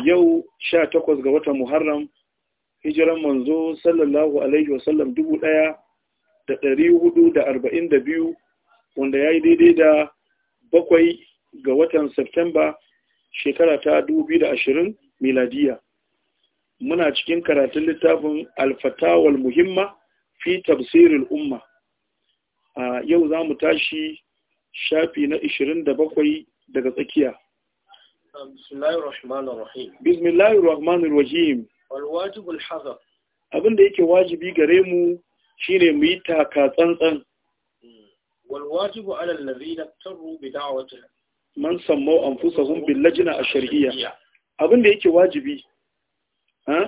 yau sha takwas ga watan Muharram hijiran manzo sallallahu alaihi wasallam dubu ɗaya da ɗari hudu da arba'in da biyu wanda ya yi daidai da bakwai ga watan Septemba shekara ta dubu biyu da ashirin miladiya. Muna cikin karatun littafin alfatawal muhimma fi tafsirin umma. A yau za mu tashi shafi na ishirin da bakwai daga tsakiya. Bismillahi Rahmanir Rahim. Bismillahir Abin da yake wajibi gare mu shine mu yi taka tsantsan. Wal wajibu ala allazina tarru bi lajina Man sammau anfusahum bil lajna ash-shar'iyya. Abin da yake wajibi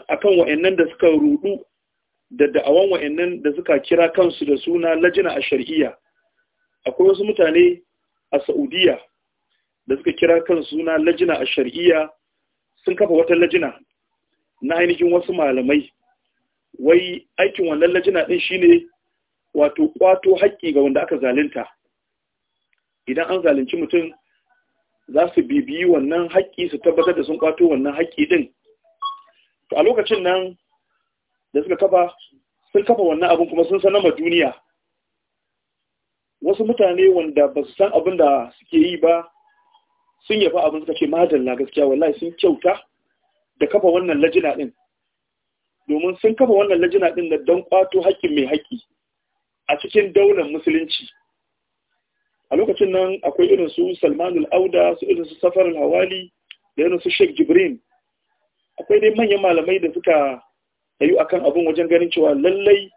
akan wa'annan da suka rudu da da'awan nan da suka kira kansu da suna lajina a shari'iyya akwai wasu mutane a Saudiya da suka kira kan suna lajina a shari'iyya sun kafa wata lajina na ainihin wasu malamai wai aikin wannan lajina din shine wato kwato haƙƙi ga wanda aka zalunta idan an zalunci mutum za su bibiyi wannan haƙƙi su tabbatar da sun kwato wannan haƙƙi din to a lokacin nan da suka kafa sun kafa wannan abin kuma sun sanar duniya wasu mutane wanda ba su san abin da suke yi ba sun yafi abin suka ce madalla gaskiya wallahi sun kyauta da kafa wannan lajina din domin sun kafa wannan lajina din da don kwato haƙƙin mai haƙƙi a cikin daular musulunci a lokacin nan akwai irin su Salmanu auda su irin su Safar hawali da irin su Sheikh Jibrin akwai dai manyan malamai da suka yayu akan abin wajen ganin cewa lallai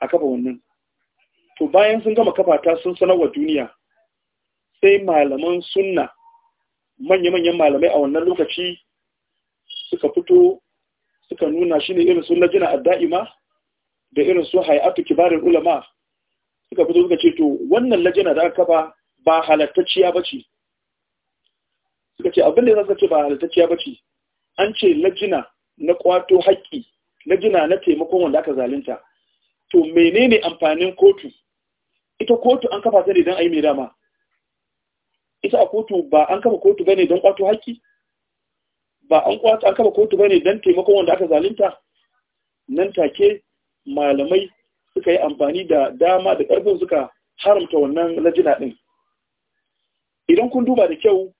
a kafa wannan to bayan sun gama kafa ta sun wa duniya sai malaman sunna manya-manyan malamai a wannan lokaci suka fito suka nuna shi ne irin sun lajina a da'ima da irin su hay'atu kibarin ulama suka fito suka ce to wannan lajina da aka kafa ba halattacciya ce suka ce abin da ya zaka ce ba halattacciya ce. an ce lajina na kwato haƙƙi lajina na taimakon wanda aka zalunta to menene amfanin kotu ita kotu an kafa ta ne don a yi mai dama Isa a kotu ba an kama kotu bane don kwato haƙƙi ba an kwato an kama kotu bane don taimakon wanda aka zalunta nan take malamai suka yi amfani da dama da ƙarfin suka haramta wannan lajina din idan kun duba da kyau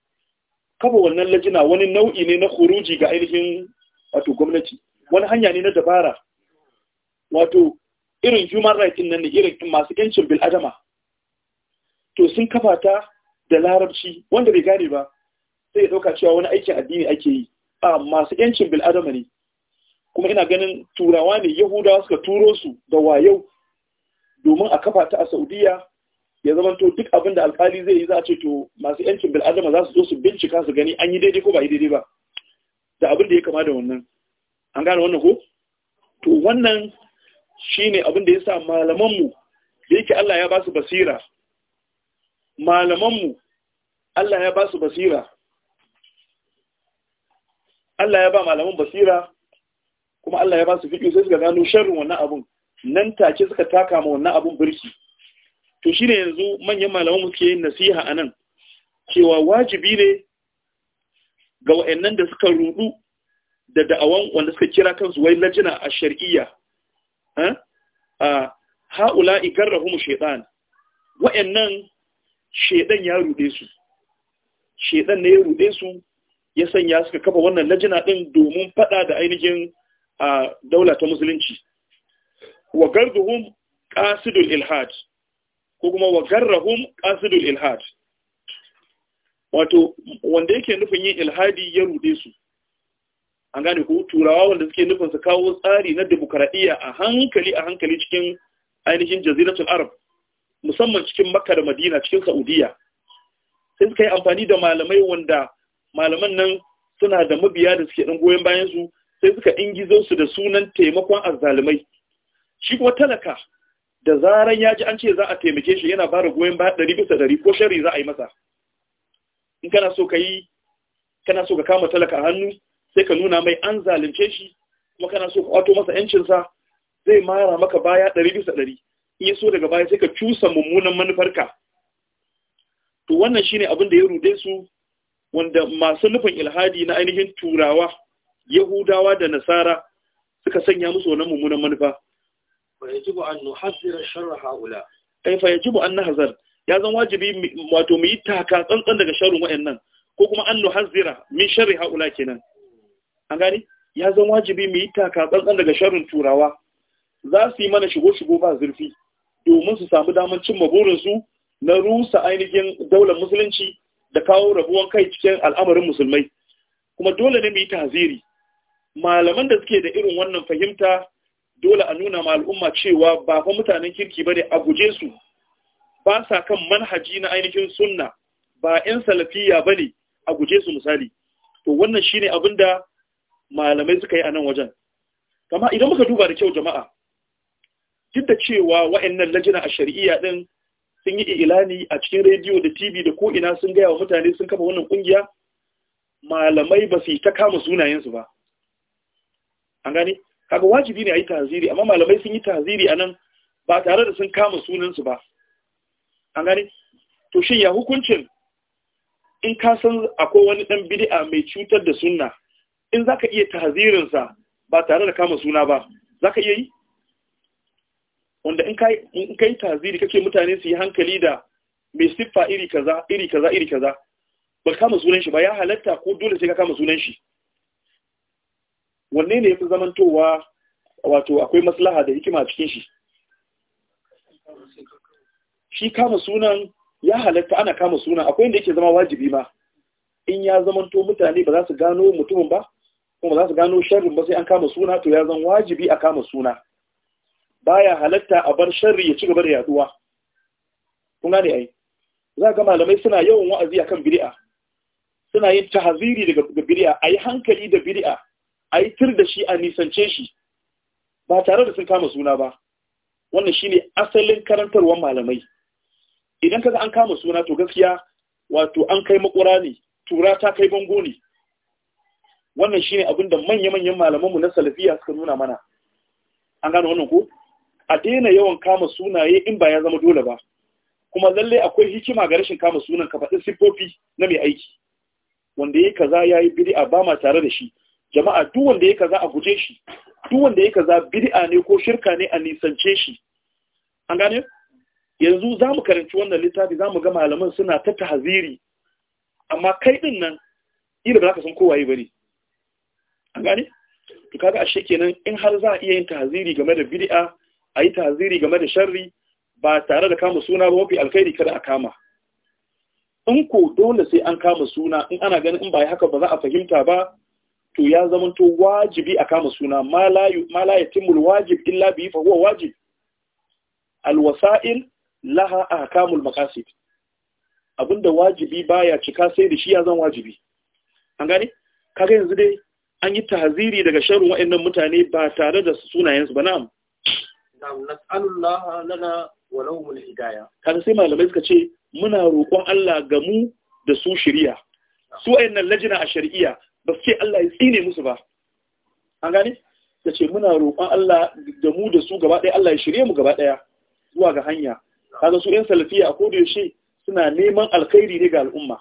kafa wannan lajina wani nau'i ne na kuruji ga ainihin wato gwamnati wani hanya ne na dabara wato irin human rights nan ne irin masu yancin bil'adama to sun kafa ta da larabci wanda bai gane ba sai ya ɗauka cewa wani aikin addini ake yi a masu yancin bil'adama ne kuma ina ganin turawa ne yahudawa suka turo su da wayau domin a kafa ta a saudiya ya zamanto duk abin da alkali zai yi za a ce to masu yancin bil'adama za su zo su bincika su gani an yi daidai ko ba yi daidai ba da abin da ya kama da wannan an gane wannan ko to wannan shine abin da ya sa malamanmu da yake Allah ya ba su basira malamanmu Allah ya ba su basira Allah ya ba malaman basira kuma Allah ya ba su fiƙi sai suka gano sharrin wannan abun nan take suka taka ma wannan abun birki to shine yanzu manyan malaman mu suke yin nasiha anan cewa wajibi ne ga wayannan da suka rudu da da'awan wanda suka kira kansu wai lajina a shar'iyya ha eh? ah, ha'ula'i garrahum shaytan wayannan shedan ya rude su shedan ne ya rude su ya sanya suka kafa wannan lajina din domin fada da ainihin a daula ta musulunci wa garduhum qasidul ilhad ko kuma wa garrahum qasidul ilhad wato wanda yake nufin yin ilhadi ya rude su an gane ko turawa wanda suke nufin su kawo tsari na demokradiya a hankali a hankali cikin ainihin jaziratul arab musamman cikin makka da madina cikin saudiya sai suka yi amfani da malamai wanda malaman nan suna da mabiya da suke dan goyon bayan su sai suka ingizo su da sunan taimakon azzalumai shi kuma talaka da zaran ya ji an ce za a taimake shi yana bara goyon baya ɗari bisa ɗari ko shari za a yi masa in kana so ka yi kana so ka kama talaka hannu sai ka nuna mai an zalunce shi kuma kana so ka kwato masa yancinsa zai mara maka baya ɗari bisa ɗari in so daga baya sai ka cusa mummunan manufarka to wannan shine abin da ya rude su wanda masu nufin ilhadi na ainihin turawa yahudawa da nasara suka sanya musu wannan mummunan manufa fa yajibu an nuhazzira shar haula kai eh, fa yajibu an nahzar ya zan wajibi wato mu yi taka tsantsan daga sharrin wayannan ko kuma an nuhazzira min shar haula kenan an gani ya zan wajibi mu yi taka tsantsan daga sharrin turawa za su yi mana shigo shigo ba zurfi domin su samu damar cimma burinsu na rusa ainihin daular musulunci da kawo rabuwan kai cikin al'amarin musulmai kuma dole ne mu yi taziri malaman da suke da irin wannan fahimta dole a nuna ma al'umma cewa ba fa mutanen kirki bane a guje su ba sa kan manhaji na ainihin sunna ba 'yan salafiya ne a guje su misali to wannan shine abin da malamai suka yi a nan wajen kama idan muka duba da kyau jama'a duk da cewa wa'annan lajina a shari'a din sun yi ilani a cikin rediyo da tv da ko ina sun gaya wa mutane sun kafa wannan kungiya malamai ba su yi ta kama sunayensu ba an gani, kaga wajibi ne a yi taziri amma malamai sun yi taziri a nan ba tare da sun kama sunansu ba an gani, to shin ya hukuncin in ka san akwai wani dan bid'a mai cutar da sunna in zaka iya tazirinsa ba tare da kama suna ba zaka iya yi wanda in ka yi taziri kake mutane su yi hankali da mai siffa iri kaza iri kaza iri kaza ba kama sunan shi ba ya halatta ko dole sai ka kama sunan shi wanne ne yafi zamantowa wato akwai maslaha da hikima a cikin shi shi kama sunan ya halatta ana kama sunan akwai inda yake zama wajibi ma in ya zamanto mutane ba za su gano mutumin ba kuma ba za su gano sharrin ba sai an kama suna to ya zan wajibi a kama suna baya halatta a bar sharri ya ci gaba da yaduwa kun gane ai za ga malamai suna yawan wa'azi akan bid'a suna yin tahaziri daga bid'a ayi hankali da bid'a ayi tir da shi a nisance shi ba tare da sun kama suna ba wannan shine asalin karantarwar malamai idan kaga an kama suna to gaskiya wato an kai makura ne tura ta kai bango ne wannan shine abinda manya-manyan malamanmu na salafiya suka nuna mana an gano wannan ko a daina yawan kama sunaye in ba ya zama dole ba kuma lalle akwai hikima ga rashin kama sunan ka faɗin siffofi na mai aiki wanda yayi kaza ya yi bid'a ba ma tare da shi jama'a duk wanda ya kaza a guje shi duk wanda ya kaza bid'a ne ko shirka ne a nisance shi an gane yanzu za mu karanci wannan littafi mu ga malaman suna ta tahziri amma kai din nan irin ba za ka san kowa yi bari an gane to kaga ashe kenan in har za a iya yin tahziri game da bid'a a yi taziri game da sharri ba tare da kama suna ba mafi alkhairi kada a kama in ko dole sai an kama suna in ana ganin in ba yi haka ba za a fahimta ba to ya zamanto wajibi a kama suna ma la timul wajib illa bi fa huwa wajib alwasa'il laha ahkamul maqasid abinda wajibi baya cika sai da shi ya zan wajibi an gane kaga yanzu dai an yi tahziri daga sharrin waɗannan mutane ba tare da sunayensu ba na'am nas'alullaha lana wa lahumul hidaya kaga sai malamai suka ce muna roƙon Allah ga mu da su shiriya su wayannan lajina a shari'a ba su ce Allah ya tsine musu ba an gane ta ce muna roƙon Allah da mu da su gaba ɗaya Allah ya shirye mu gaba ɗaya zuwa ga hanya kaga su yan salafiya a koda yaushe suna neman alkhairi ne ga al'umma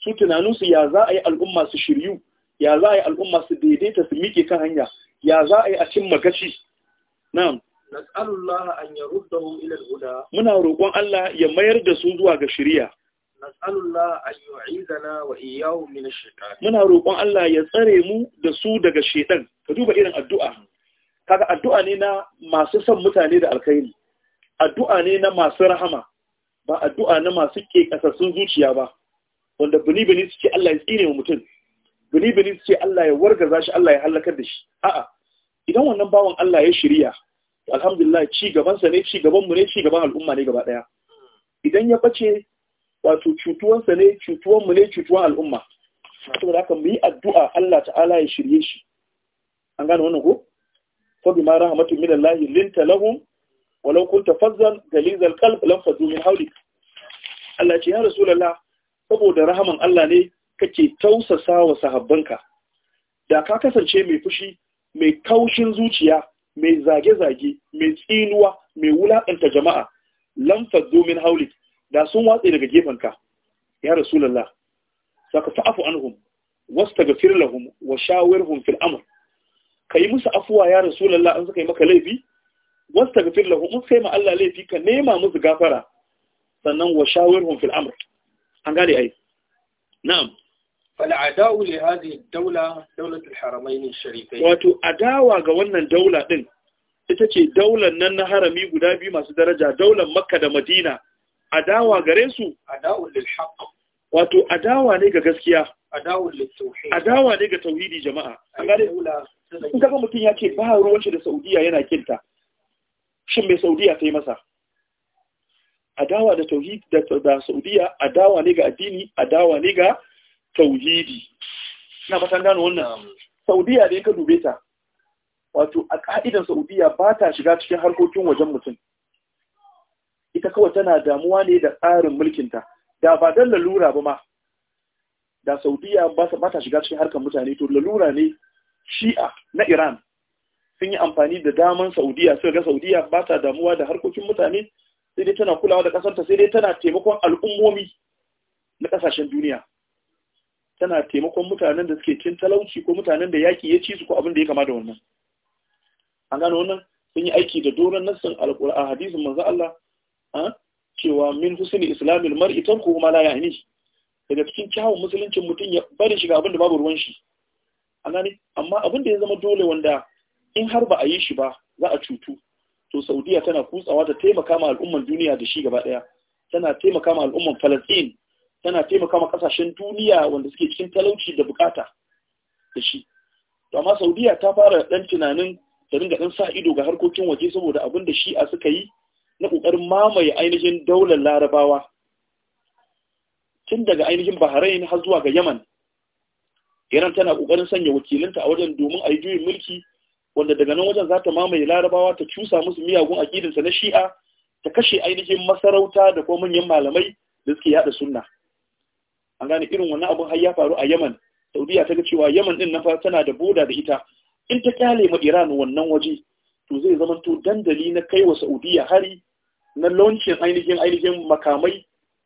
su tunaninsu ya za a yi al'umma su shiryu ya za a yi al'umma su daidaita su miƙe kan hanya ya za a yi a cin magaci na'am an yaruddahum ila al-huda muna roƙon Allah ya mayar da su zuwa ga shari'a an yu'izana wa iyyahum min ash-shaytan muna roƙon Allah ya tsare mu da su daga shaidan. ka duba irin addu'a kaga addu'a ne na masu son mutane da alkhairi addu'a ne na masu rahama ba addu'a na masu ke kasassun zuciya ba wanda bini bini suke Allah ya tsine wa mutum bini bini suke Allah ya wargaza shi Allah ya halakar da shi a'a idan wannan bawan Allah ya shirya alhamdulillah ci gabansa ne ci gabanmu ne ci gaban al'umma ne gaba ɗaya idan ya bace wato cutuwansa ne cutuwanmu ne cutuwan al'umma saboda haka mu yi addu'a Allah ta'ala ya shirye shi an gane wannan ko fa bima rahmatin min Allah linta lahum walau kunta fazzan galizal qalb lam fadu min hawlik Allah ce ya rasulullah saboda rahaman Allah ne kake tausasa wa sahabbanka da ka kasance mai fushi mai kaushin zuciya mai zage-zage mai tsinuwa mai wulaƙanta jama'a lamfa domin haulik da sun watse daga gefenka ya rasulallah za ka fa'afu anhum gafir lahum wa hun fil Ka yi musu afuwa ya rasulallah an suka yi maka laifi Wasu wastaghfir lahum in sai ma Allah laifi ka nema musu gafara sannan wa hun fil amur an gane ai na'am فالعداء لهذه الدولة دولة الحرمين الشريفين واتو عداوة قولنا الدولة دين itace daular nan na harami guda biyu masu daraja daular makka da madina adawa gare su wato adawa ne ga gaskiya adawa ne ga tauhidi jama'a in kaga mutum ya ce ba ruwan shi da saudiya yana kinta shin mai saudiya ta yi masa adawa da tauhidi da saudiya adawa ne ga addini adawa ne ga tauhidi ba fatan gano wannan saudiya da ya ka dube ta wato a ka'idar saudiya ba ta shiga cikin harkokin wajen mutum ita kawai tana damuwa ne da tsarin mulkinta da ba don lalura ba ma da saudiya ba ta shiga cikin harkar mutane to lalura ne shi'a na iran sun yi amfani da daman saudiya suka ga saudiya ba ta damuwa da harkokin mutane sai dai tana kulawa da kasarta sai dai tana taimakon al'ummomi na kasashen duniya tana taimakon mutanen da suke cin talauci ko mutanen da yaki ya ci su ko abin da ya kama da wannan an gano wannan sun yi aiki da doron nassin alƙur'an hadisin manzo Allah cewa min husni islamil mar'i tanku ma la ya'ni daga cikin kyawun musuluncin mutum ya bari shiga abin da babu ruwan shi an gane amma abin da ya zama dole wanda in har ba a yi shi ba za a cutu to Saudiya tana kutsawa ta taimaka ma al'umman duniya da shi gaba ɗaya, tana taimaka ma al'umman Falastin tana taimaka ma kasashen duniya wanda suke cikin talauci da bukata da shi to amma saudiya ta fara ɗan tunanin ta ringa dan sa ido ga harkokin waje saboda abin da shi'a suka yi na kokarin mamaye ainihin daular larabawa tun daga ainihin bahrain har zuwa ga yaman iran tana kokarin sanya wakilinta a wajen domin a yi juyin mulki wanda daga nan wajen za ta mamaye larabawa ta cusa musu miyagun akidinsa na shi'a ta kashe ainihin masarauta da kuma manyan malamai da suke yada sunna an gane irin wannan abun har ya faru a Yaman Saudiya ta ga cewa Yaman din na tana da boda da ita in ta kyale ma Iran wannan waje to zai zama to dandali na kai wa Saudiya hari na launcin ainihin ainihin makamai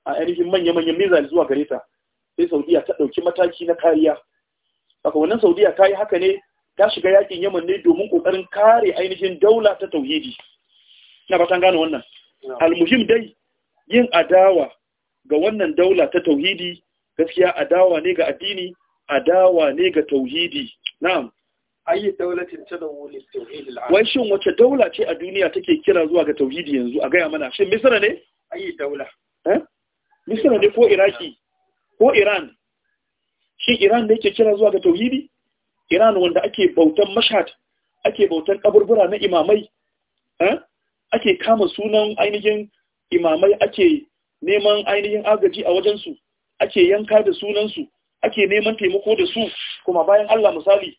a ainihin manya-manyan mizal zuwa gare ta sai Saudiya ta ɗauki mataki na kariya haka wannan Saudiya ta yi haka ne ta shiga yakin Yaman ne domin ƙoƙarin kare ainihin daula ta tauhidi ina ba gane wannan almuhim dai yin adawa ga wannan daula ta tauhidi gaskiya adawa ne ga addini adawa ne ga tauhidi na'am ayi daulatin tadawwu tauhid al'am wai shin wace daula ce a duniya take kira zuwa ga tauhidi yanzu a gaya mana shin misra ne ayi daula eh misra ne ko iraki ko iran shin iran ne ke kira zuwa ga tauhidi iran wanda ake bautan mashhad ake bautan kaburbura na imamai eh ake kama sunan ainihin imamai ake neman ainihin agaji a wajensu ake yanka da sunansu ake neman taimako da su kuma bayan Allah misali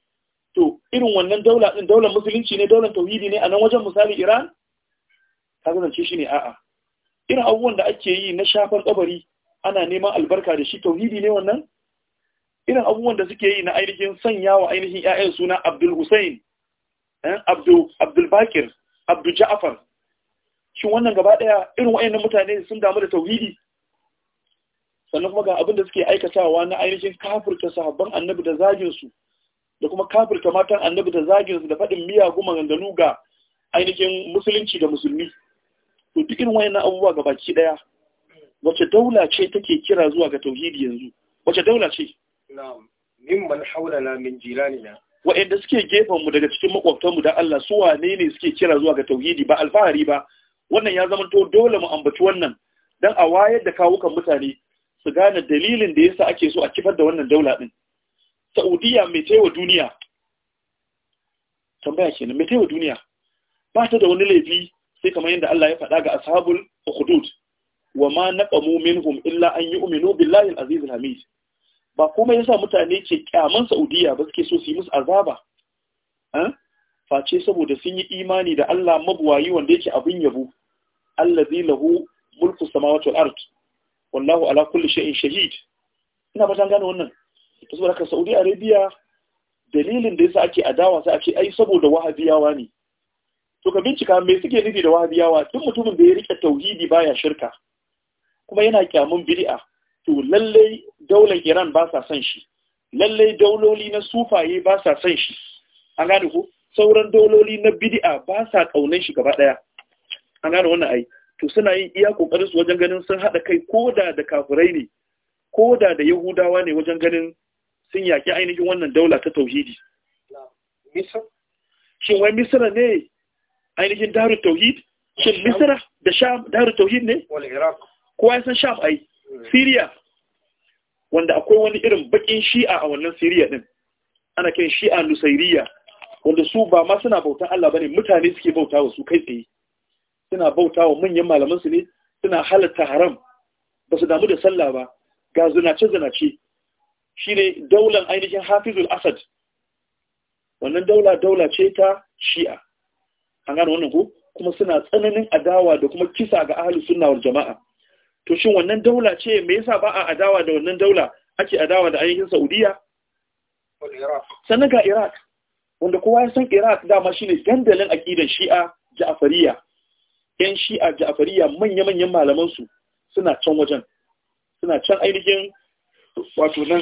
to irin wannan daula din daular musulunci ne daular tauhidi ne a nan wajen misali Iran ka zance shi ne a'a irin abubuwan da ake yi na shafar kabari ana neman albarka da shi tauhidi ne wannan irin abubuwan da suke yi na ainihin sanya wa ainihin ƴaƴan suna Abdul Hussein eh, Abdul Abdul Bakir Abdul Ja'far shin wannan gaba daya irin wayannan mutane sun damu da tauhidi sannan kuma ga abin da suke aikatawa na ainihin kafirta sahabban annabi da zaginsu da kuma kafirta matan annabi da zaginsu da faɗin miyagun maganganu ga ainihin musulunci da musulmi to duk irin wayannan abubuwa ga baki daya wace daula ce take kira zuwa ga tauhidi yanzu wace daula ce na'am mimman haulana min jilanina wa'anda suke gefen mu daga cikin mu da Allah su wane ne suke kira zuwa ga tauhidi ba alfahari ba wannan ya zama to dole mu ambaci wannan dan a wayar da kawukan mutane su gane dalilin da yasa ake so a kifar da wannan daula din Saudiya mai taiwa duniya tambaya kenan mai taiwa duniya ba ta da wani laifi sai kamar yadda Allah ya faɗa ga ashabul ukhdud wa ma naqamu minhum illa an yu'minu billahi al-aziz al-hamid ba komai yasa mutane ke kyaman Saudiya ba suke so su yi musu azaba eh? face saboda sun yi imani da Allah mabuwayi wanda yake abin yabo allazi lahu mulku samawati wal ard wallahu ala kulli shay'in shahid ina ba gano wannan to saboda ka Saudi Arabia dalilin da yasa ake adawa sai ake ai saboda wahabiyawa ne to ka bincika me suke nufi da wahabiyawa duk mutumin da ya rike tauhidi baya shirka kuma yana kyamun bid'a to lalle daular Iran ba sa son shi lalle dauloli na sufaye ba sa son shi an gane ko sauran dauloli na bid'a ba sa kaunan shi gaba daya an gane wannan ai to suna yin iya kokarin su wajen ganin sun haɗa kai ko da kafirai ne ko da yahudawa ne wajen ganin sun yaƙi ainihin wannan daula ta tauhidi shin wai Misira ne ainihin daru tauhid shin Misira da sham daru tauhid ne Ko ya san sham ai hmm. siriya wanda akwai wani irin bakin shi'a a wannan siriya din ana kiran shi'a nusairiya wanda su ba ma suna bauta Allah bane mutane suke bauta wa su kai tsaye suna bauta wa manyan malamansu ne suna halatta haram ba su damu da sallah ba ga zinace-zinace shi ne daular ainihin hafizul asad wannan daula daula ce ta shi'a an gano wannan ku kuma suna tsananin adawa da kuma kisa ga ahalus sunna wal jama'a to shin wannan daula ce me yasa ba a adawa da wannan daula ake adawa da ainihin saudiya sannan ga iraq wanda kowa ya san iraq dama shine dandalin aƙidan shi'a ja'afariya yan shi'a ja'afariya manya-manyan malamansu suna can wajen suna can ainihin wato nan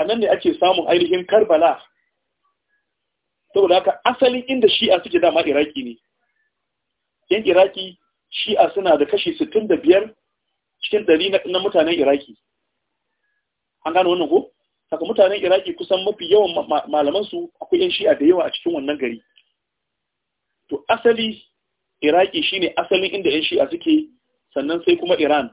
a nan ne ake samun ainihin karbala saboda haka asalin inda shi'a suke dama iraki ne yan iraki shi'a suna da kashi 65 cikin 100 na mutanen iraki an gano wannan ko saka mutanen iraki kusan mafi yawan malamansu akwai yan shi'a da yawa a cikin wannan gari to asali iraki shine asalin inda yan shi'a suke sannan sai kuma iran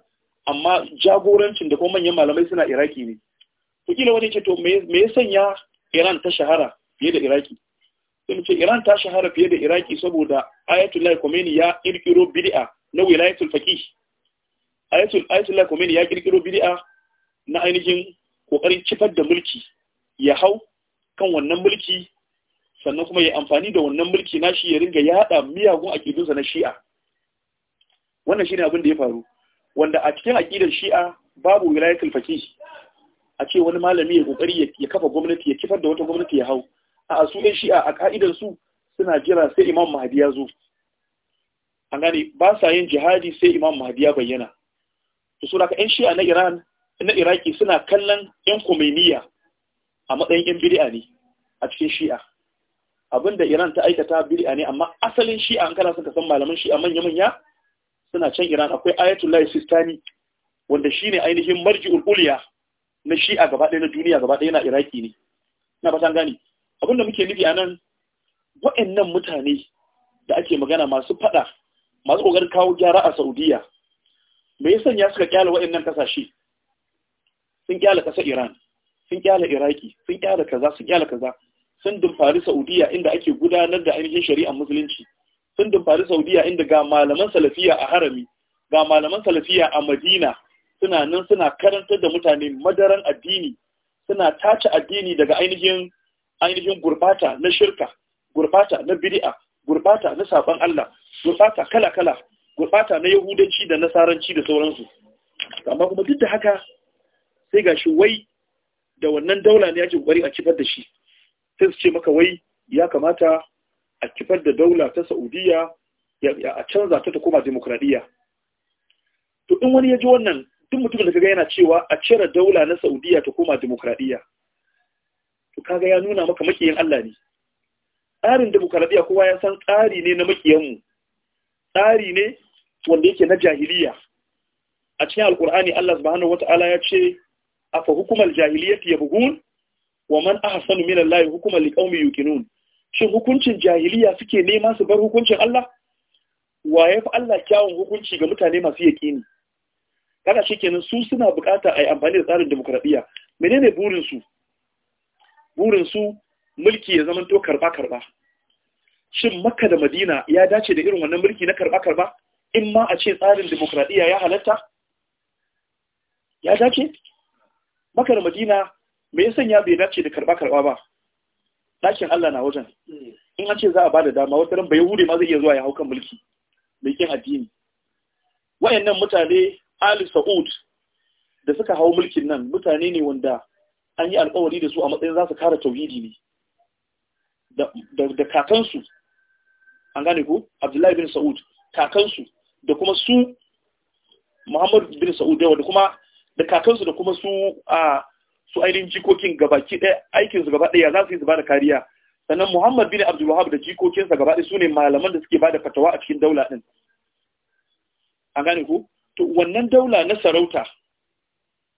amma jagorancin da kuma manyan malamai suna iraki ne kila wani ce to me ya sanya iran ta shahara fiye da iraki sai ce iran ta shahara fiye da iraki saboda ayatollah khomeini ya kirkiro bidi'a na wilayatul faqih ayatollah khomeini ya kirkiro bid'a na ainihin kokarin cifar da mulki ya hau kan wannan mulki sannan kuma ya amfani da wannan mulki nashi ya ringa yada miyagun akidunsa na shi'a wannan shine abin da ya faru wanda a cikin akidar shi'a babu wilayatul faqih a ce wani malami ya kokari ya kafa gwamnati ya kifar da wata gwamnati ya hau a su shi'a a ka'idar su suna jira sai imam mahdi ya zo an gane ba sa yin jihadi sai imam mahdi ya bayyana to so yan shi'a na iran na iraki suna kallon yan kumeniya a matsayin yan bid'a ne a cikin shi'a abinda Iran ta aikata bid'a ne amma asalin shi an kana suka san malaman shi a manya-manya suna can Iran akwai Ayatollah Sistani wanda shine ainihin marji'ul uliya na shi'a gaba ɗaya na duniya gaba ɗaya na Iraki ne na fatan gani abinda muke nufi a nan waɗannan mutane da ake magana masu faɗa, masu kokarin kawo gyara a Saudiya me yasa sanya suka kyale waɗannan kasashe sun kyale kasar Iran sun kyale Iraki sun kyale kaza sun kyale kaza sun fari saudiya inda ake gudanar da ainihin shari'ar musulunci sun fari saudiya inda ga malaman salafiya a harami ga malaman salafiya a madina suna nan suna karantar da mutane madaran addini suna tace addini daga ainihin ainihin gurbata na shirka gurbata na bid'a gurbata na saban Allah gurbata kala-kala gurbata na yahudanci da nasaranci da sauransu amma kuma duk da haka sai gashi wai da wannan daula ne yake kokari a kifar da shi sai su ce maka wai ya kamata a kifar da daula ta Saudiya a canza ta ta koma demokradiyya to in wani ya ji wannan duk mutum da ga yana cewa a cire daula na Saudiya ta koma demokradiyya to kaga ya nuna maka makiyin Allah ne tsarin demokradiyya kowa ya san tsari ne na makiyanmu tsari ne wanda yake na jahiliya a cikin Alƙur'ani, Allah subhanahu wata'ala ya ce afa hukumar jahiliyyati yabghun wa man ahsanu min Allah hukuman liqaumi yuqinun shin hukuncin jahiliya suke nema su bar hukuncin Allah wa ya fi Allah kyawun hukunci ga mutane masu yaqini kada shi kenan su suna bukata a yi amfani da tsarin demokradiya menene burinsu burinsu mulki ya zama to karba-karba shin makka da madina ya dace da irin wannan mulki na karba-karba in ma a ce tsarin demokradiya ya halatta ya dace makka da madina me ya sanya bai dace da karba karba ba dakin Allah na wajen in an ce za a bada dama wata ran bai hure ma zai iya zuwa ya hau kan mulki mai kin addini wayannan mutane Ali Saud da suka hau mulkin nan mutane ne wanda an yi alƙawari da su a matsayin za su kare tauhidi ne da kakansu an gane ku Abdullahi bin Saud kakansu da kuma su Muhammad bin Saud da kuma da kakansu da kuma su a su ainihin jikokin gabaki ɗaya aikinsu su gaba ɗaya za su yi su da kariya sannan Muhammad bin Abdul Wahab da jikokinsa gaba ɗaya su ne malaman da suke da fatawa a cikin daula ɗin A gane ku to wannan daula na sarauta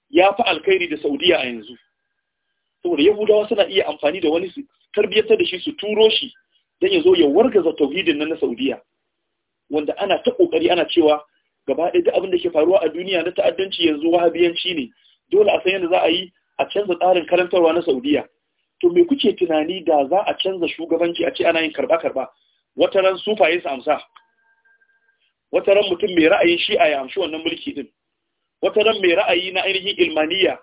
ya fi alkhairi da Saudiya a yanzu saboda Yahudawa suna iya amfani da wani su tarbiyyatar da shi su turo shi don ya zo ya wargaza tauhidin nan na Saudiya wanda ana ta kokari ana cewa gaba ɗaya duk abin da ke faruwa a duniya na ta'addanci yanzu wahabiyanci ne dole a san yadda za a yi a canza tsarin karantarwa na saudiya to me kuke tunani da za a canza shugabanci a ce ana yin karba-karba wata ran sufaye su amsa wata ran mutum mai ra'ayin shi'a ya amshi wannan mulki din wata ran mai ra'ayi na ainihin ilmaniya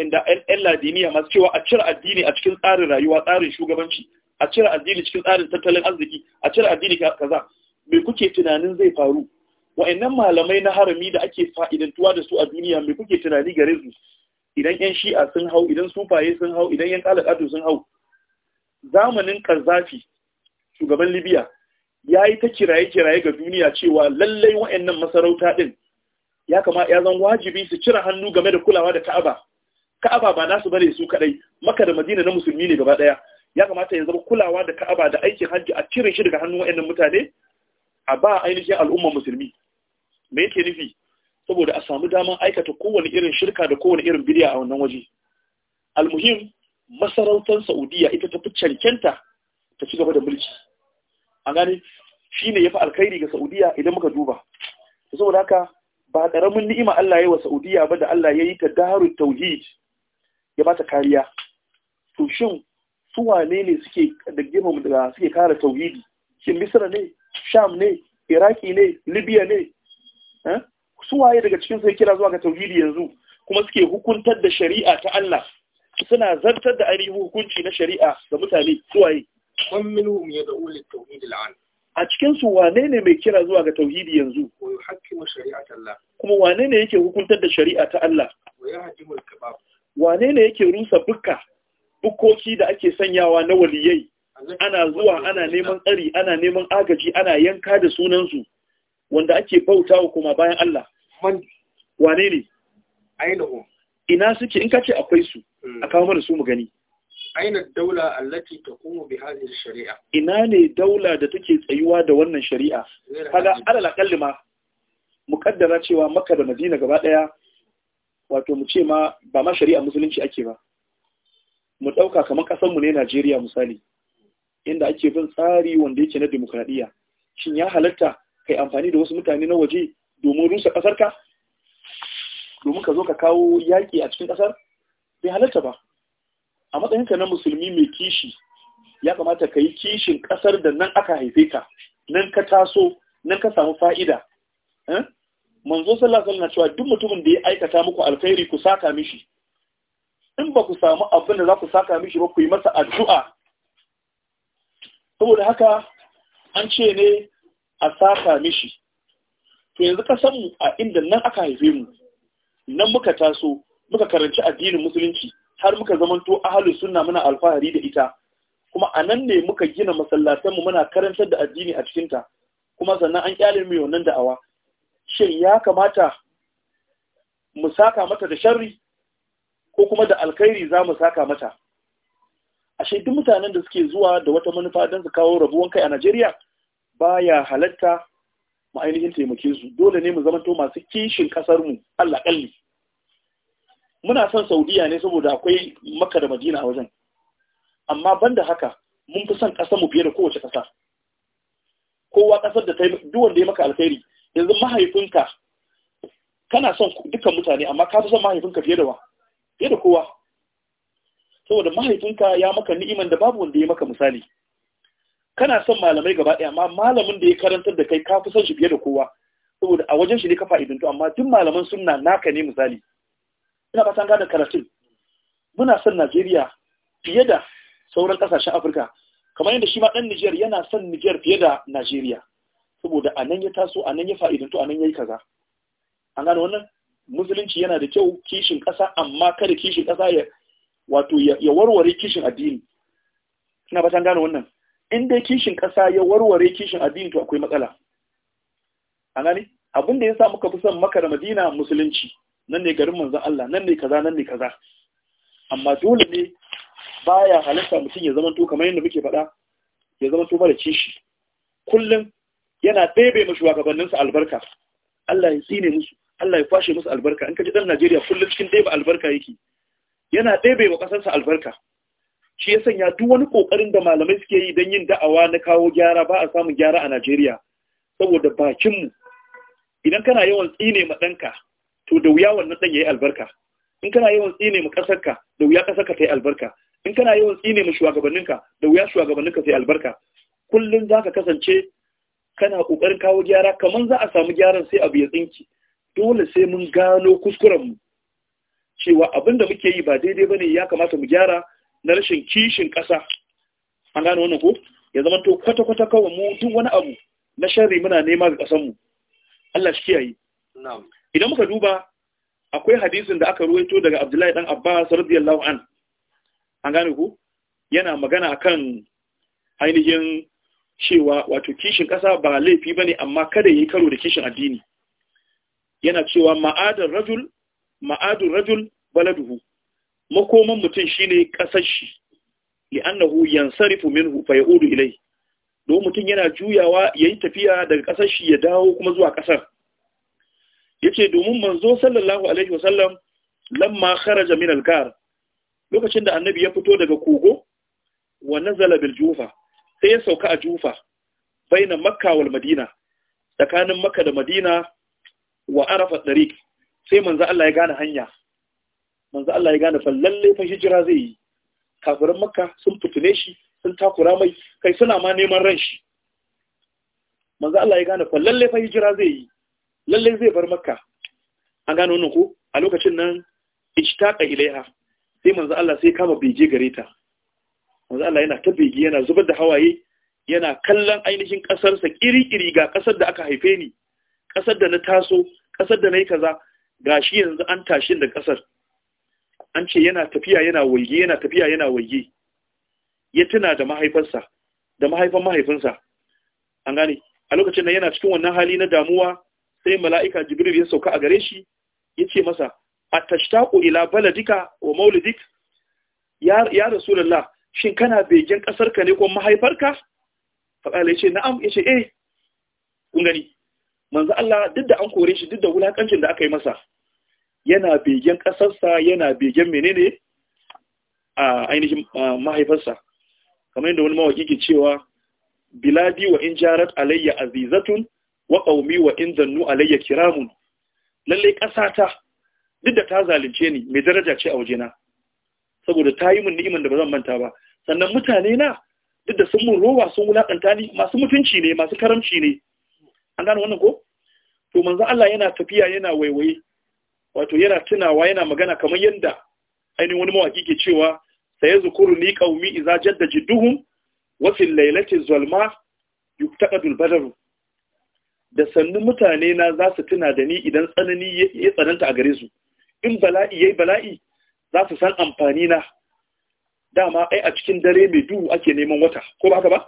inda ɗan ladiniya masu cewa a cire addini a cikin tsarin rayuwa tsarin shugabanci a cire addini cikin tsarin tattalin arziki a cire addini kaza me kuke tunanin zai faru wa'annan malamai na harami da ake fa'idantuwa da su a duniya me kuke tunani gare su idan ƴan shi'a sun hau idan sufaye sun hau idan ƴan kalakatu sun hau zamanin kazafi shugaban libya ya yi ta kiraye-kiraye ga duniya cewa lallai wa'annan masarauta ɗin ya kama ya zan wajibi su cire hannu game da kulawa da ka'aba ka'aba ba nasu bane su kaɗai. maka da madina na musulmi ne gaba ɗaya. ya kamata ya zama kulawa da ka'aba da aikin hajji a cire shi daga hannun wa'annan mutane a ba ainihin al'ummar musulmi me yake nufi saboda a samu daman aikata kowane irin shirka da kowane irin bidiya a wannan waje almuhim masarautar saudiya ita ta fi cankenta ta ci gaba da mulki a gani, shi ne ya fi alkhairi ga saudiya idan muka duba saboda haka ba ƙaramin ni'ima Allah ya yi wa saudiya ba da Allah ya yi ta daru tauhid ya ba ta kariya to shin su wane ne suke da gefen da suke kare tauhidi shin misra ne sham ne iraki ne libya ne eh? su waye daga cikin sai kira zuwa ga tauhidi yanzu kuma suke hukuntar da shari'a ta Allah suna zartar da ainihin hukunci na shari'a ga mutane su waye kun minhum yad'u lit tauhid al'an a cikin su wane ne mai kira zuwa ga tauhidi yanzu wa yuhakkimu shari'at Allah kuma wane ne yake hukuntar da shari'a ta Allah wa yahdimu kabab wane ne yake rusa bukka bukoki da ake sanyawa na waliyai ana zuwa ana neman tsari ana neman agaji ana yanka da sunansu wanda ake bautawa kuma bayan Allah man wane ne ina suke in kace akwai su hmm. a kawo mana su mu gani aina daula allati taqumu bi hadhihi shari'a ina ne daula da take tsayuwa da wannan shari'a kaga alal aqalli ma kaddara cewa makka da madina gaba ɗaya, wato mu ce ma ba ma shari'a musulunci ake ba mu ɗauka kamar ƙasar mu ne Najeriya misali inda ake bin tsari wanda yake na demokradiya shin ya halatta kai amfani da wasu mutane na waje domin rusa ka, domin ka zo ka kawo yaƙi a cikin ƙasar bai halatta ba a matsayinka na musulmi mai kishi ya kamata ka yi kishin ƙasar da nan aka haife ka nan ka taso nan ka samu fa'ida eh? manzo sallallahu alaihi cewa duk mutumin da ya aikata muku alkhairi ku saka mishi in ba ku samu abin da za ku saka mishi ba ku yi masa addu'a saboda haka an ce ne a saka mishi to yanzu ka san a inda nan aka haife mu nan muka taso muka karanci addinin musulunci har muka zamanto ahalu sunna muna alfahari da ita kuma a nan ne muka gina masallatanmu muna karantar da addini a cikinta kuma sannan an kyale mu wannan da'awa shin ya kamata mu saka mata da sharri ko kuma da alkhairi za mu saka mata ashe duk mutanen da suke zuwa da wata manufa don su kawo rabuwan kai a Najeriya baya halatta mu ainihin taimake su dole ne mu to masu kishin kasar mu Allah kalli muna son Saudiya ne saboda akwai Makka da Madina a wajen amma banda haka mun fi son kasar mu fiye da kowace kasa kowa kasar da ta duk wanda ya maka alkhairi yanzu mahaifinka kana son dukkan mutane amma ka fi son mahaifinka fiye da wa fiye da kowa saboda mahaifinka ya maka ni'iman da babu wanda ya maka misali kana son malamai gaba ɗaya amma malamin da ya karantar da kai ka fi son shi fiye da kowa saboda a wajen shi ne ka fa'idantu amma duk malaman sunna naka ne misali ina san gane karatun muna son Najeriya fiye da sauran kasashen Afirka kamar yadda shi ma dan Nijar yana son Nijar fiye da Najeriya saboda a nan ya taso a nan ya fa'idantu a nan yayi kaza an gane wannan musulunci yana da kyau kishin ƙasa amma kada kishin ƙasa ya wato ya warware kishin addini ina san gane wannan in dai kishin ƙasa ya warware kishin addini to akwai matsala a gani abin da ya sa muka fi son maka da madina musulunci nan ne garin manzan Allah nan ne kaza nan ne kaza amma dole ne baya halatta mutum ya zama to kamar yadda muke faɗa ya zama to mara kishi kullum yana ɗebe mu shugabanninsa albarka Allah ya tsine musu Allah ya fashe musu albarka in ka ji dan Najeriya kullum cikin ɗebe albarka yake yana ɗebe wa ƙasarsa albarka shi ya sanya duk wani kokarin da malamai suke yi don yin da'awa na kawo gyara ba a samun gyara a Najeriya saboda bakinmu idan kana yawan tsine ma ɗanka to da wuya wannan ɗan ya yi albarka in kana yawan tsine ma ƙasarka da wuya ƙasarka ta yi albarka in kana yawan tsine ma shugabanninka da wuya shugabanninka ta yi albarka kullum za ka kasance kana ƙoƙarin kawo gyara kamar za a samu gyaran sai abu ya tsinki dole sai mun gano kuskurenmu cewa abin da muke yi ba daidai ba ne ya kamata mu gyara na rashin kishin ƙasa an gane wannan ko ya zama to kwata-kwata kawai mu duk wani abu na sharri muna nema ga ƙasanmu Allah shi kiyaye idan muka duba akwai hadisin da aka ruwaito daga Abdullahi dan Abbas radiyallahu an an gane ko yana magana akan ainihin cewa wato kishin ƙasa ba laifi bane amma kada yayi karo da kishin addini yana cewa ma'adar rajul ma'adun rajul baladuhu makoman mutum shine kasar shi li'annahu yansarifu minhu fa yaudu ilai don mutum yana juyawa ya yi tafiya daga kasar shi ya dawo kuma zuwa kasar yace domin manzo sallallahu alaihi wasallam lamma kharaja min al lokacin da annabi ya fito daga kogo wa nazala bil jufa sai ya sauka a jufa baina makka wal madina tsakanin makka da madina wa arafa tariq sai manzo Allah ya gane hanya manzo Allah ya gane fallalle fa hijira zai yi kafirin makka sun fitune shi sun takura mai kai suna ma neman ran shi manzo Allah ya gane fallalle fa hijira zai yi lalle zai bar makka an gano wannan ko a lokacin nan ishtaqa ilaiha sai manzo Allah sai kama bege gare ta manzo Allah yana ta bege yana zubar da hawaye yana kallon ainihin ƙasarsa kiri-kiri ga kasar da aka haife ni kasar da na taso kasar da na yi kaza gashi yanzu an tashi da kasar an ce yana tafiya yana waige yana tafiya yana waige ya tuna da mahaifinsa da mahaifin mahaifinsa an gane a lokacin da yana cikin wannan hali na damuwa sai mala'ika jibril ya sauka a gare shi ya ce masa a tashtaqu ila baladika wa maulidik ya ya rasulullah shin kana begen ka ne ko mahaifarka faɗa ya ce na'am ya ce eh kun gani manzo Allah duk da an kore shi duk da wulakancin da aka yi masa yana begen ƙasarsa yana begen menene a ainihin mahaifarsa kamar yadda wani mawaki ke cewa biladi wa in jarat alayya azizatun wa qaumi wa in zannu alayya kiramun lalle ƙasata duk da ta zalunce ni mai daraja ce a wajena saboda ta yi min ni'iman da ba zan manta ba sannan mutane na duk da sun mun rowa sun wulakanta ni masu mutunci ne masu karamci ne an gane wannan ko to manzo Allah yana tafiya yana waiwaye wato yana tunawa yana magana kamar yadda ainihin wani mawaki ke cewa sai zukuru ni kaumi, iza jadda jidduhum wa fil zalma zulma yuktaqadul badaru da sannu mutane na za su tuna da ni idan tsanani ya tsananta a gare su in bala'i yayi bala'i za su san amfani na dama ai a cikin dare mai duhu ake neman wata ko ba haka ba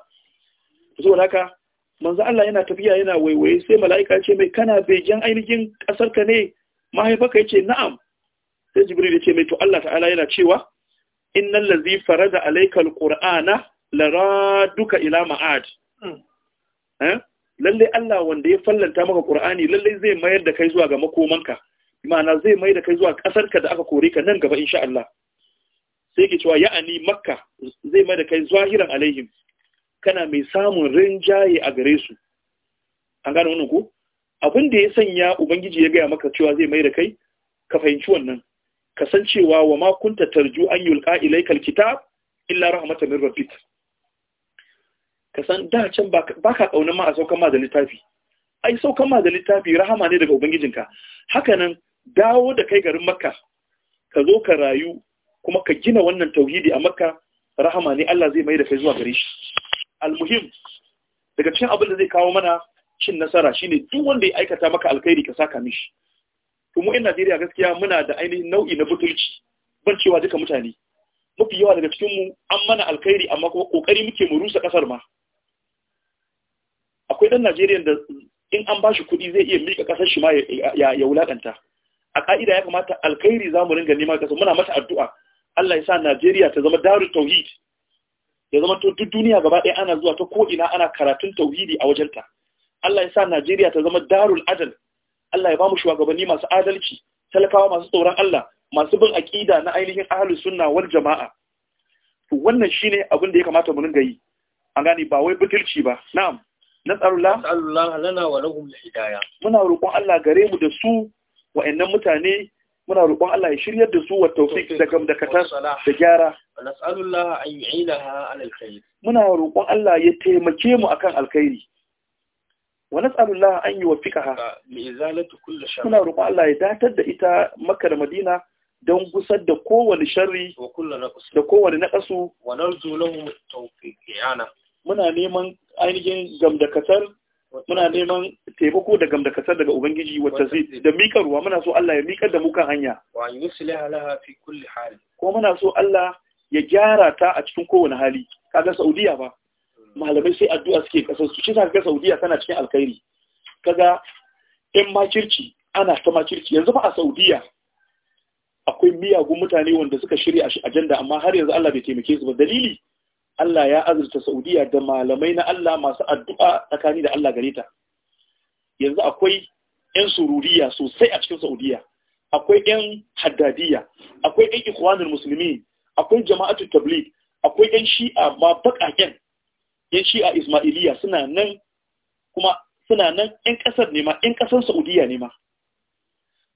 saboda haka manzo Allah yana tafiya yana waiwaye sai mala'ika ce mai kana begen ainihin kasar ka ne mahaifarka yace na'am sai jibril yace mai to Allah ta'ala yana cewa innal ladzi farada alayka alqur'ana laraduka ila ma'ad hmm. eh lalle Allah wanda ya fallanta maka qur'ani lallai zai mayar da kai zuwa ga makomanka ma'ana zai mayar da kai zuwa kasarka da aka kore ka nan gaba insha Allah sai ke cewa ya'ani makka zai mai da kai zahiran alaihim kana mai samun rinjaye a gare su an gane wannan ko abin da ya sanya ubangiji ya gaya maka cewa zai mai da kai ka fahimci wannan ka san cewa wa ma kunta tarju an yulqa ilayka alkitab illa rahmatan min rabbik san da can baka kaunan ma a saukan ma da littafi ai saukan ma da littafi rahama ne daga ubangijinka hakanan dawo da kai garin makka ka zo ka rayu kuma ka gina wannan tauhidi a makka rahama ne Allah zai mai da kai zuwa gare shi almuhim daga cikin abin da zai kawo mana cin nasara shine duk wanda ya aikata maka alkhairi ka saka mishi to mu 'yan Najeriya gaskiya muna da ainihin nau'i na butulci ban cewa duka mutane mafi yawa daga cikin mu an mana alkhairi amma kuma kokari muke mu rusa kasar ma akwai ɗan Najeriya da in an bashi kuɗi zai iya mika kasar shi ma ya wulakanta a ka'ida ya kamata alkhairi zamu ringa nema kasa. muna mata addu'a Allah ya sa Najeriya ta zama darul tauhid ya zama to duk duniya gaba ɗaya ana zuwa ta ko ina ana karatun tauhidi a wajenta Allah ya sa Najeriya ta zama darul adal Allah ya ba mu shugabanni masu adalci talakawa masu tsoron Allah masu bin aƙida na ainihin ahlus sunna wal jama'a to wannan shine abin da ya kamata mu dinga yi an gane ba wai butulci ba na'am nasarullah nasarullah lana wa lahum hidayah muna roƙon Allah gare mu da su wa'annan mutane muna roƙon Allah ya shiryar da su wa tawfiq da gamdakatar da gyara nasarullah an yu'inaha ala alkhair muna roƙon Allah ya taimake mu akan alkhairi wa nas'alullah an yuwaffiqaha li izalati kulli sharr muna roƙon Allah ya datar da ita Makka da Madina don gusar da kowane sharri da kowane naqasu wa muna neman ainihin gamdakatar muna neman taimako da gamdakatar daga ubangiji wacce zai da miƙa ruwa muna so Allah ya miƙar da mu kan hanya wa yusliha laha fi kulli hal ko muna so Allah ya gyara ta a cikin kowane hali kaga Saudiya ba malamai sai addu'a suke kasar su cikin ga saudiya tana cikin alkhairi kaga in makirci ana ta makirci yanzu ba a saudiya akwai miyagun mutane wanda suka shirya a ajanda amma har yanzu Allah bai taimake su ba dalili Allah ya azurta saudiya da malamai na Allah masu addu'a tsakani da Allah gare ta yanzu akwai 'yan sururiya sosai a cikin saudiya akwai 'yan haddadiya akwai 'yan ikhwanul musulmi akwai jama'atul tabligh akwai 'yan shi'a ma bakaken yan shi'a ismailiya suna nan kuma suna nan ƴan kasar ne ma yan saudiya ne ma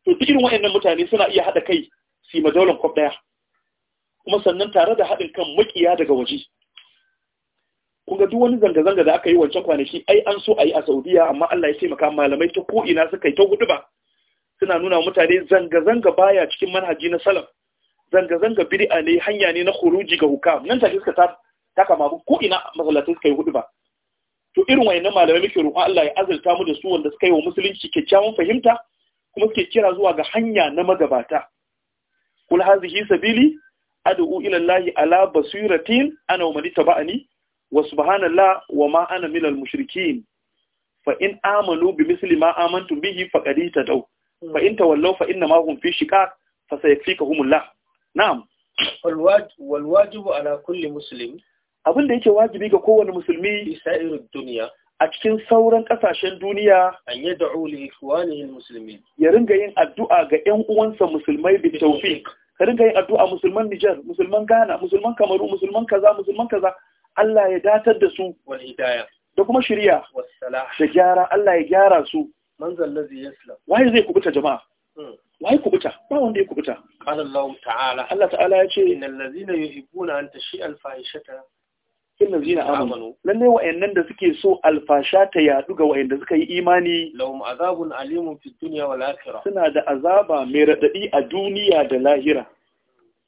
to duk irin wayannan mutane suna iya hada kai su yi madaulan kwaf ɗaya. kuma sannan tare da haɗin kan maƙiya daga waje kun ga duk wani zanga-zanga da aka yi wancan kwanaki ai an so a yi a saudiya amma allah ya taimaka malamai ta ko'ina suka yi ta hudu ba suna nuna mutane zanga-zanga baya cikin manhaji na salaf zanga-zanga bid'a ne hanya ne na kuruji ga hukam nan take suka taka mabu ko ina masallatai suka yi hudu ba to irin wayannan malamai muke roƙon Allah ya azurta mu da su wanda suka yi wa musulunci kyakkyawan fahimta kuma suke kira zuwa ga hanya na magabata kul hazihi sabili ad'u ila Allah ala basiratin ana wa man tabani wa subhanallah wa ma ana minal mushrikin fa in amanu bi misli ma amantum bihi faqad tadaw fa in tawallaw fa inna ma hum fi shiqaq fa sayakfikahumullah na'am wal wajibu ala kulli muslim abin da yake wajibi ga kowane musulmi a cikin sauran kasashen duniya an yi da'u ikhwanihi muslimin ya ringa yin addu'a ga ƴan uwansa musulmai bi tawfiq ka ringa yin addu'a musulman Niger musulman Ghana musulman Kamaru musulman kaza musulman kaza Allah ya datar da su wal hidayah da kuma shari'a da gyara Allah ya gyara su man zallazi yaslam wai zai kubuta jama'a hmm. Waye kubuta ba wanda ya kubuta qala Allah ta'ala Allah ta'ala ya ce innal ladzina yuhibbuna an tashi'a al fahishata illa zina amanu lalle wa'annan da suke so alfasha ta yadu ga wa'anda suka yi imani lahum azabun alimun fi dunya wal akhirah suna da azaba mai radadi a duniya da lahira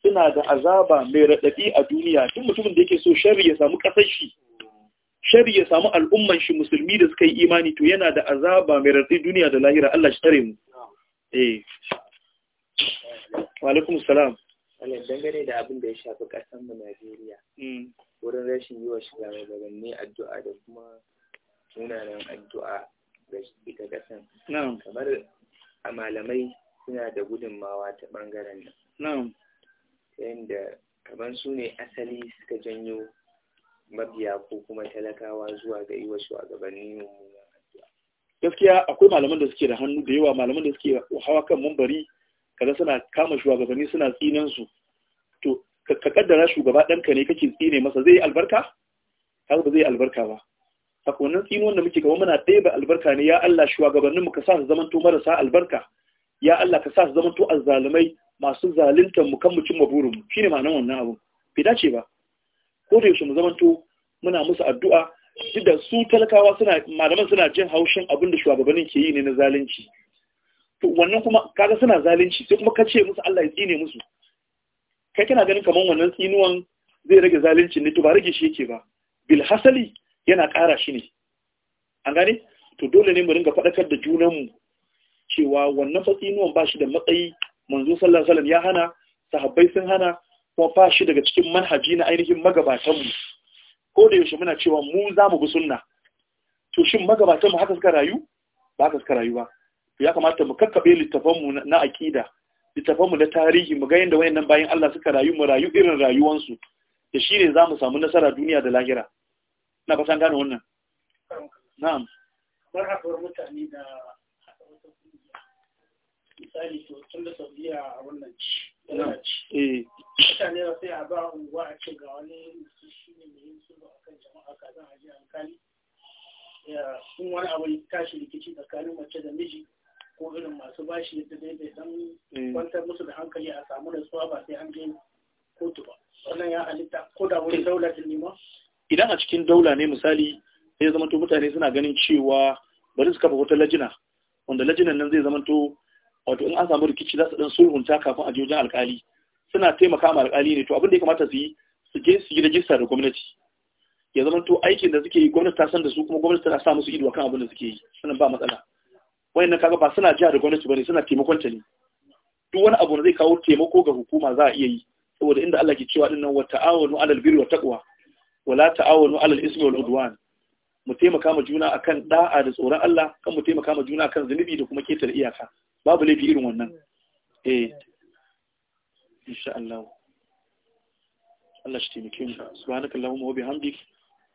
suna da azaba mai radadi a duniya duk mutumin da yake so sharri ya samu kasar shi sharri ya samu al'umman shi musulmi da suka yi imani to yana da azaba mai radadi duniya da lahira Allah shi tare mu eh wa alaikum salam dangane da abin da ya shafi kasar mu Najeriya mm. wurin rashin yi wa shugabanni addu'a da kuma sunanan addu'a ga ita kasan kamar a malamai suna da gudunmawa ta ɓangaren nan ta yadda kamar su ne asali suka janyo mabiya ko kuma talakawa zuwa ga yi wa shugabanni mummunan addu'a gaskiya akwai malaman da suke da hannu da yawa malaman da suke hawa kan mambari, kaga suna kama shugabanni suna tsinansu ka kaddara shugaba ɗanka ne kake tsine masa zai albarka Har ba zai albarka ba A wannan tsinon da muke gaba muna ɗaya ba albarka ne ya Allah shugabanninmu ka sa su to marasa albarka ya Allah ka sa su to azzalumai masu zaluntar mu kan mucin maburinmu ne ma'anar wannan abu bai dace ba ko da yaushe mu zamanto muna musu addu'a duk da su talakawa suna malaman suna jin haushin abin da shugabannin ke yi ne na zalunci to wannan kuma kaga suna zalunci sai kuma ka ce musu Allah ya tsine musu kai kana ganin kamar wannan tsinuwan zai rage zalunci ne to ba rage shi yake ba bil hasali yana ƙara shi ne an gane to dole ne mu ringa faɗakar da mu cewa wannan tsinuwan ba shi da matsayi manzo sallallahu alaihi ya hana sahabbai sun hana kuma ba shi daga cikin manhaji na ainihin magabatanmu ko da yaushe muna cewa mu za mu bi sunna to shin mu haka suka rayu ba haka suka rayu ba to ya kamata mu kakkabe mu na aƙida littafanmu na tarihi mu ga yadda wayannan bayan Allah suka rayu mu rayu irin rayuwansu da shi ne za mu samu nasara duniya da lahira na fatan gane wannan na'am kamar haɗuwar mutane da misali to tun da saudiya a wannan ci eh. mutane ba sai a ba unguwa a ce ga wani shi ne mai yin sulhu a kan jama'a kazan a ji hankali sun wani abu tashi rikici tsakanin mace da miji ko irin masu bashi da daidai don eh. kwantar musu da hankali a samu nutsuwa ba sai an je kotu ba wannan ya halitta ko da wani eh. daula din ne idan a cikin daula ne misali sai zama to mutane suna ganin cewa bari su kafa wata lajina wanda lajinan nan zai zama to wato in an samu rikici za su dan sulhunta kafin a je wajen alkali suna taimaka ma alkali ne to abin da ya kamata su yi su je su yi rajista da gwamnati ya zama to aikin da suke yi gwamnati ta san da su kuma gwamnati tana sa musu ido kan abin da suke yi sannan ba matsala wayannan kaga ba suna jiya da gwamnati bane suna taimakon ta ne duk wani abu da zai kawo taimako ga hukuma za a iya yi saboda inda Allah ke cewa dinnan wa ta'awanu 'alal birri wa taqwa wa la ta'awanu 'alal ismi wal udwan mu taimaka ma juna akan da'a da tsoron Allah kan mu taimaka ma juna akan zunubi da kuma ketar iyaka babu laifi irin wannan eh insha Allah Allah shi taimake mu subhanakallahumma wa bihamdik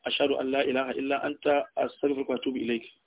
ashhadu an la ilaha illa anta astaghfiruka wa atubu ilaik